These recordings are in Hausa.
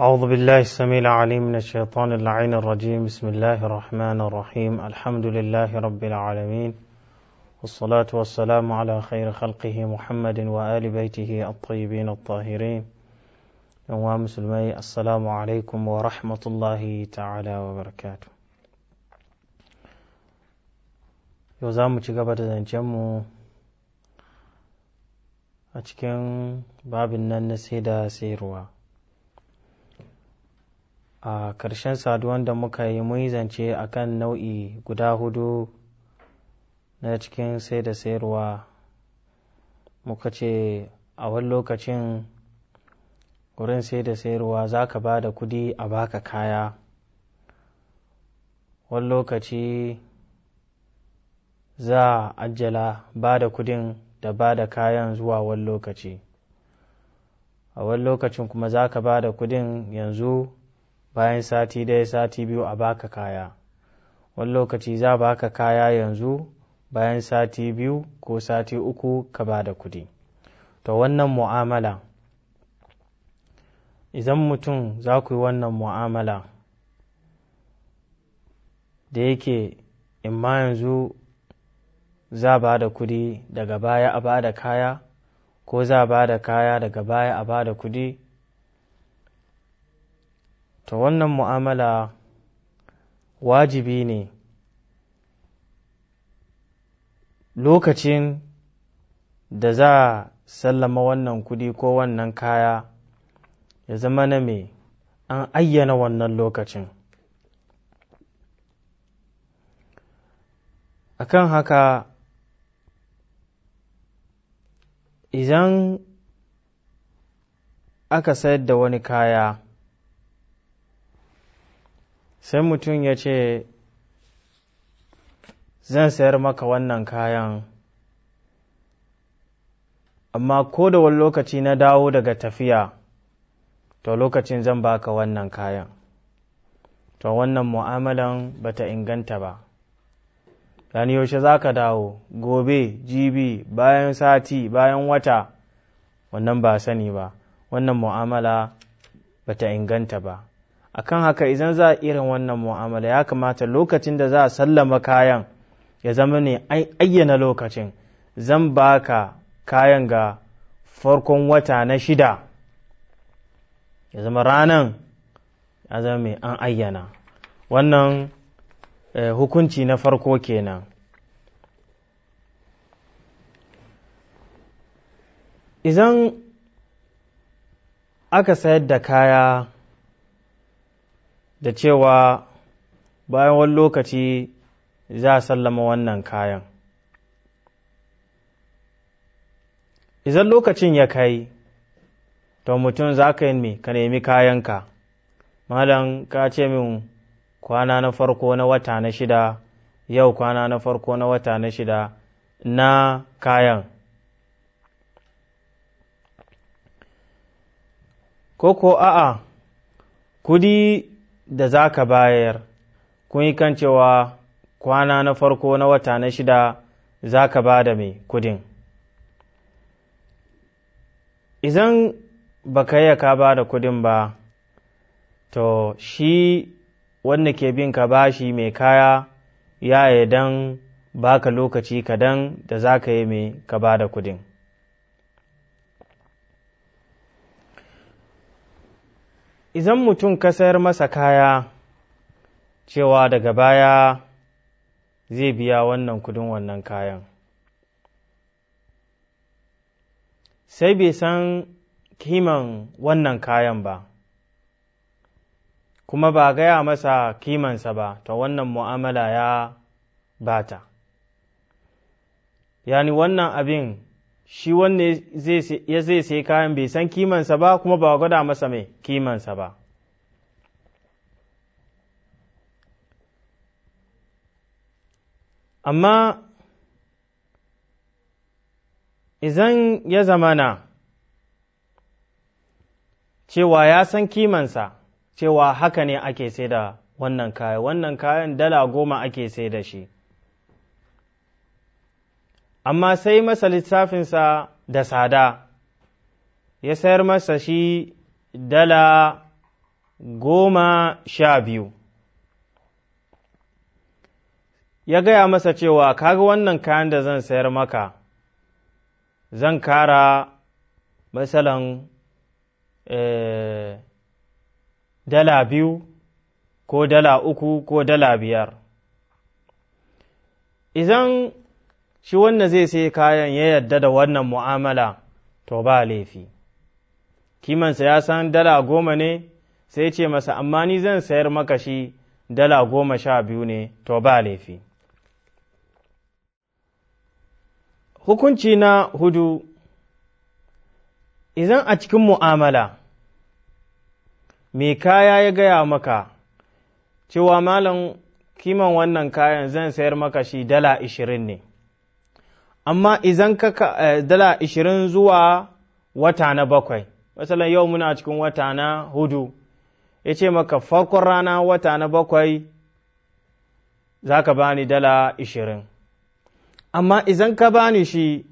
أعوذ بالله السميع العليم من الشيطان اللعين الرجيم بسم الله الرحمن الرحيم الحمد لله رب العالمين والصلاة والسلام على خير خلقه محمد وآل بيته الطيبين الطاهرين نوام سلمي السلام عليكم ورحمة الله تعالى وبركاته يوزام تشغب جمو أتكن باب النسيدة سيروا a ƙarshen saduwan da muka yi mun zance a kan nau'i guda hudu na cikin sai da sayarwa muka ce a wani lokacin wurin sai da sayarwa za ka ba da kudi a baka kaya wani lokaci za a ajjala ba da kudin da ba da kayan zuwa wani lokaci a wani lokacin kuma za ka ba da kudin yanzu bayan sati ɗaya sati biyu a baka kaya wani lokaci za baka kaya yanzu bayan sati biyu ko sati uku ka ba da kuɗi to wannan mu'amala idan mutum za ku yi wannan mu'amala da yake imma yanzu za ba da kuɗi daga baya a ba da kaya ko za ba da kaya daga baya a ba da kuɗi to wannan mu'amala wajibi ne lokacin da za a sallama wannan kudi ko wannan kaya ya zama na mai an ayyana wannan lokacin akan haka idan aka sayar da wani kaya sai mutum ya ce zan sayar maka wannan kayan amma ko da wani lokaci na dawo daga tafiya to lokacin zan baka wannan kayan to wannan mu'amalan bata inganta ba yani yaushe za ka dawo gobe jibi bayan sati bayan wata wannan ba sani ba wannan mu'amala bata inganta ba akan haka idan za a irin wannan mu'amala ya kamata lokacin da za a sallama kayan ya zama ne ayyana lokacin zan baka kayan ga farkon wata na shida ya zama ranan ya zama mai an ayyana wannan eh, hukunci na farko kenan idan aka sayar da kaya da cewa bayan wani lokaci za a sallama wannan kayan idan lokacin ya kai to mutum za ka yi ka nemi kayanka malam ka ce min kwana na farko na wata na shida yau kwana na farko na wata na shida na kayan ko ko a'a kudi da za ka bayar kun yi kan cewa kwana na farko na wata na shida za ka ba da mai kudin izan ba ka yi ka ba da kudin ba to shi wanda ke bin ka bashi mai kaya ya yi don ka lokaci kadan da za ka yi mai ka ba da kudin Izan mutum ka sayar masa kaya cewa daga baya zai biya wannan kudin wannan kayan, sai bai san kiman wannan kayan ba, kuma ba gaya masa kimansa ba, ta wannan mu'amala ya bata. Yani wannan abin shi wanne ya zai sai kayan bai san kimansa ba kuma ba gwada masa mai kimansa ba amma izan ya zamana cewa ya san kimansa cewa haka ne ake sai da wannan kayan wannan kayan dala goma ake sai da shi amma sai masa lissafinsa da sada ya sayar masa shi dala goma sha biyu ya gaya masa cewa kaga wannan kayan da zan sayar maka zan kara matsalan eh, dala biyu ko dala uku ko dala biyar izan. shi wannan zai sai kayan ya yarda da wannan mu'amala to ba laifi kimansa ya san dala goma ne sai ce masa amma ni zan sayar maka shi dala goma sha biyu ne to ba laifi hukunci na hudu idan a cikin mu'amala mai kaya ya gaya maka cewa malam kiman wannan kayan zan sayar maka shi dala ishirin ne amma idan ka eh, dala ishirin zuwa wata na bakwai misalin yau muna cikin wata na hudu ya ce maka farkon rana wata na bakwai za ka bani dala ishirin amma idan ka bani shi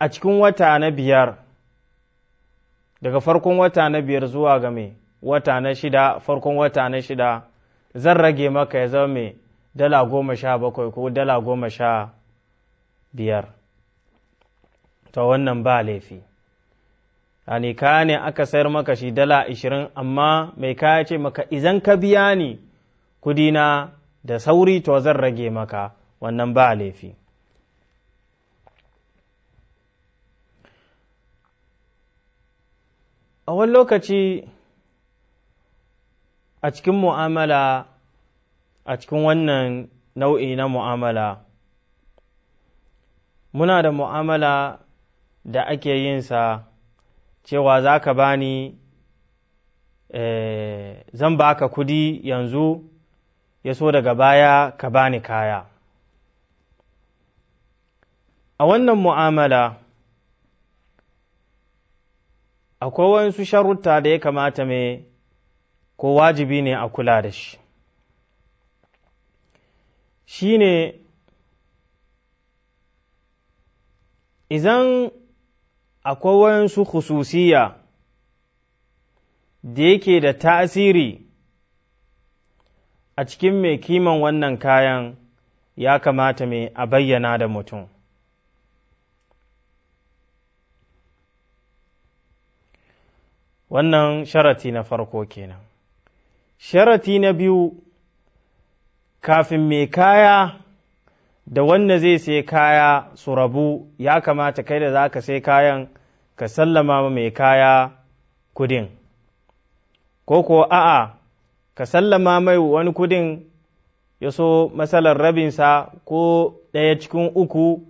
a cikin wata na biyar daga farkon wata na biyar zuwa ga wata na shida farkon wata na shida zan rage maka ya zama mai dala goma sha bakwai ko dala goma sha biyar ta wannan ba laifi yani kaya ne aka sayar maka shi dala ashirin amma mai kaya ce maka izan ka biya ni kudina da sauri to zan rage maka wannan ba laifi a wani lokaci a cikin mu'amala a cikin wannan nau'i na mu'amala muna da mu'amala da ake sa cewa za ka ba bani eh, zan ba ka kudi yanzu ya so daga baya ka ba ni kaya a wannan mu'amala akwai wasu sharuta da ya kamata mai ko wajibi ne a kula da shi shi ne Izan akwai wayansu khususiya da yake da tasiri a cikin mai kiman wannan kayan ya kamata mai a bayyana da mutum. Wannan sharati na farko kenan. Sharati na biyu, kafin mai kaya da wanda zai sai kaya su rabu ya kamata kai da za ka sai kayan ka sallama mai kaya kudin ko ko a'a ka sallama mai wani kudin ya so matsalar rabinsa ko ɗaya cikin uku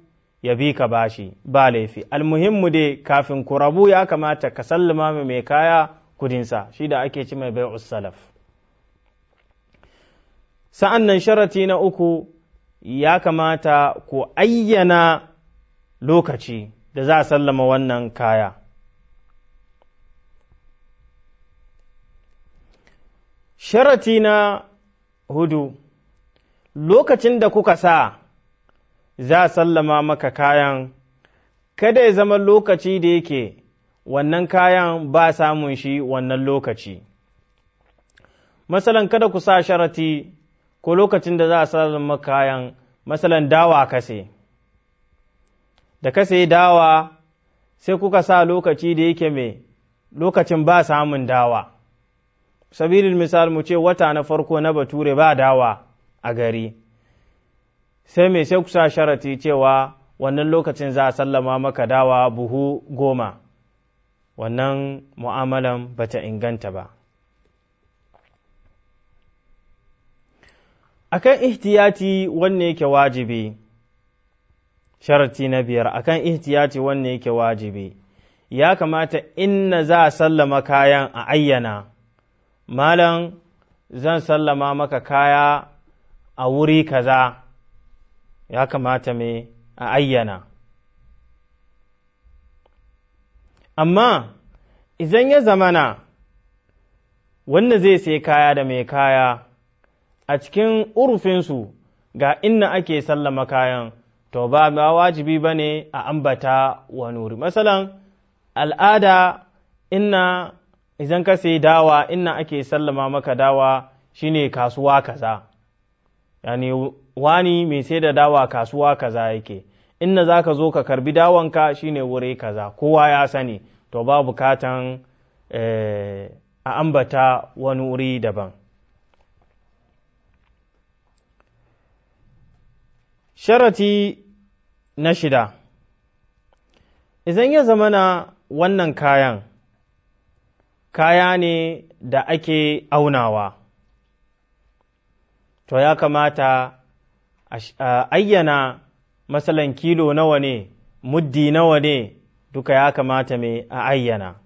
ya bi ka bashi ba laifi almuhimmu dai kafin ku rabu ya kamata ka sallama mai kaya kudinsa shi da ake ci mai bai'us salaf sa'an nan sharati na uku ya kamata ku ayyana lokaci da za a sallama wannan kaya. Sharati na hudu, lokacin da kuka sa za a sallama maka kayan, kada ya zama lokaci da yake wannan kayan ba samun shi wannan lokaci. Masalan kada ku sa sharati ko lokacin da za a sallama kayan masalan dawa kase da kase dawa sai kuka sa lokaci da yake mai lokacin ba samun dawa sabirin misal mu ce wata na farko na bature ba dawa a gari sai mai sai kusa sharati cewa wannan lokacin za a sallama maka dawa buhu goma wannan mu'amalan bata inganta ba akan ihtiyati wanne yake wajibi sharati na biyar akan ihtiyati wanne yake wajibi ya kamata inna za a sallama kayan a ayyana malam zan sallama maka kaya a wuri kaza ya kamata me a ayyana amma idan ya zamana wanda zai sai kaya da mai kaya a cikin urufinsu ga inna ake sallama kayan to ba ma wajibi ba ne a ambata wa nuri masalan al'ada inna izan ka sai dawa inna ake sallama maka dawa shine kasuwa kaza yani wani mai sai da dawa kasuwa kaza yake inna za ka zo ka karbi dawanka shine wuri kaza kowa ya sani to ba bukatan eh, a ambata wani wuri daban sharati na shida idan ya zama na wannan kayan kaya ne da ake aunawa to ya kamata a ayyana matsalan kilo nawa ne muddi nawa ne duka ya kamata mai a ayyana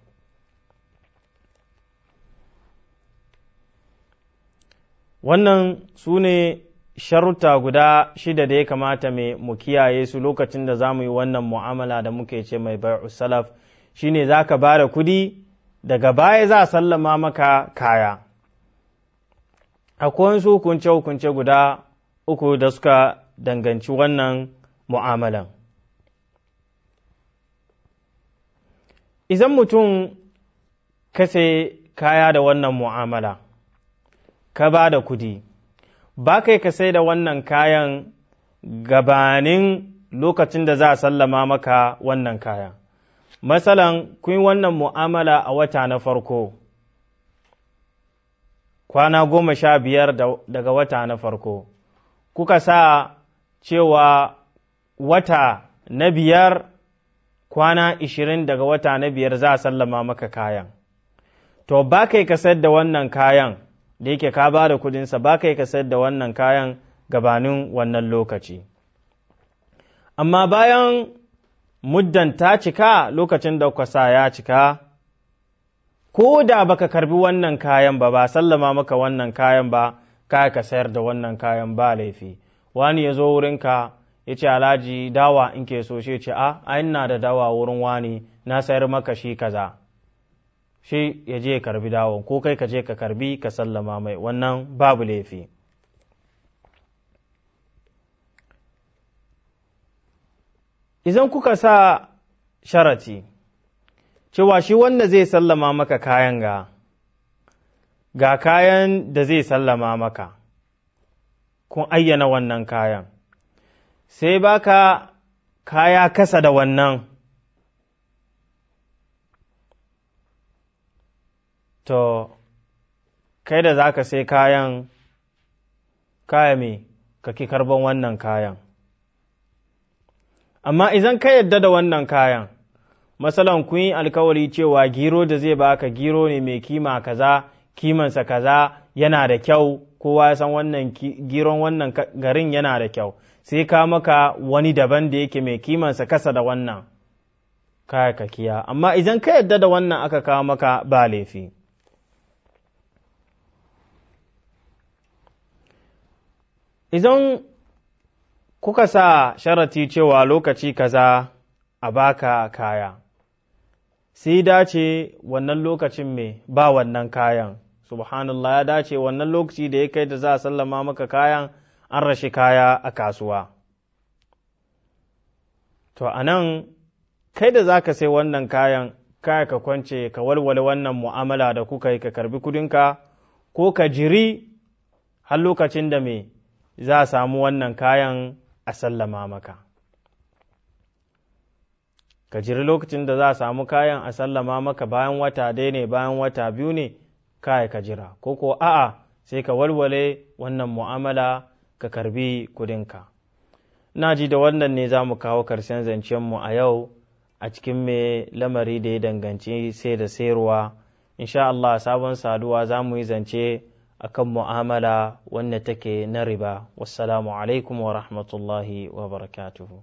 wannan su ne sharuta guda shida da ya kamata mai mu kiyaye su lokacin da za mu yi wannan mu'amala da muke ce mai bai'u salaf shine za ka ba da kudi daga baya za a sallama maka kaya akwai wasu hukunce-hukunce guda uku da suka danganci wannan mu'amalan idan mutum ka sayi kaya da wannan mu'amala ka ba da kudi ba kai ka sai da wannan kayan gabanin lokacin da za a sallama maka wannan kayan. Masalan, kun wannan mu'amala a wata na farko, kwana goma sha biyar daga wata na farko, kuka sa cewa wata na biyar kwana ishirin daga wata na biyar za a sallama maka kayan. To, ba kai ka sayar da wannan kayan da yake ka ba da kudinsa ba yi ka sayar da wannan kayan gabanin wannan lokaci amma bayan muddan ta cika lokacin da kwasa ya cika ko da baka karbi wannan kayan ba ba sallama maka wannan kayan ba ka ka sayar da wannan kayan ba laifi wani ya zo wurinka ya ce alaji dawa in ke so shi ce a ah, ina da dawa wurin wani na sayar maka shi kaza shi ya je karbi dawon ko kai ka je ka karbi ka sallama mai wannan babu laifi idan kuka sa sharati cewa shi wanda zai sallama maka kayan ga ga kayan da zai sallama maka kun ayyana wannan kayan sai baka kaya kasa da wannan to kai da za ka sai kayan kaya me kake karban wannan kayan amma idan ka yadda da wannan kayan matsalan kun yi alkawari cewa giro da zai baka giro ne mai kima kaza kimansa kaza yana da kyau kowa ya san wannan giron wannan garin yana da kyau sai ka maka wani daban da yake mai kimansa kasa da wannan kaya kakiya amma idan ka yadda da wannan aka kawo maka ba laifi Idan kuka sa sharati cewa lokaci kaza a baka kaya, sai dace wannan lokacin mai ba wannan kayan, subhanallah ya dace wannan lokaci da ya kai da za a sallama maka kayan an rashi kaya a kasuwa. To, a nan, kai da za ka sai wannan kayan, kaya ka kwance ka walwale wannan mu'amala da kuka yi ka karbi kudinka, ko ka jiri har lokacin da mai za a samu wannan kayan a sallama maka ka jiri lokacin da za a samu kayan a sallama maka bayan wata dai ne bayan wata biyu ne kai ka jira ko ko a'a sai ka walwale wannan mu'amala ka karbi kudinka na ji da wannan ne za mu kawo karshen zancenmu a yau a cikin mai lamari da ya danganci sai da sayarwa insha Allah sabon saduwa za mu yi zance akan mu'amala wanda take na riba wassalamu alaikum wa rahmatullahi wa barakatuhu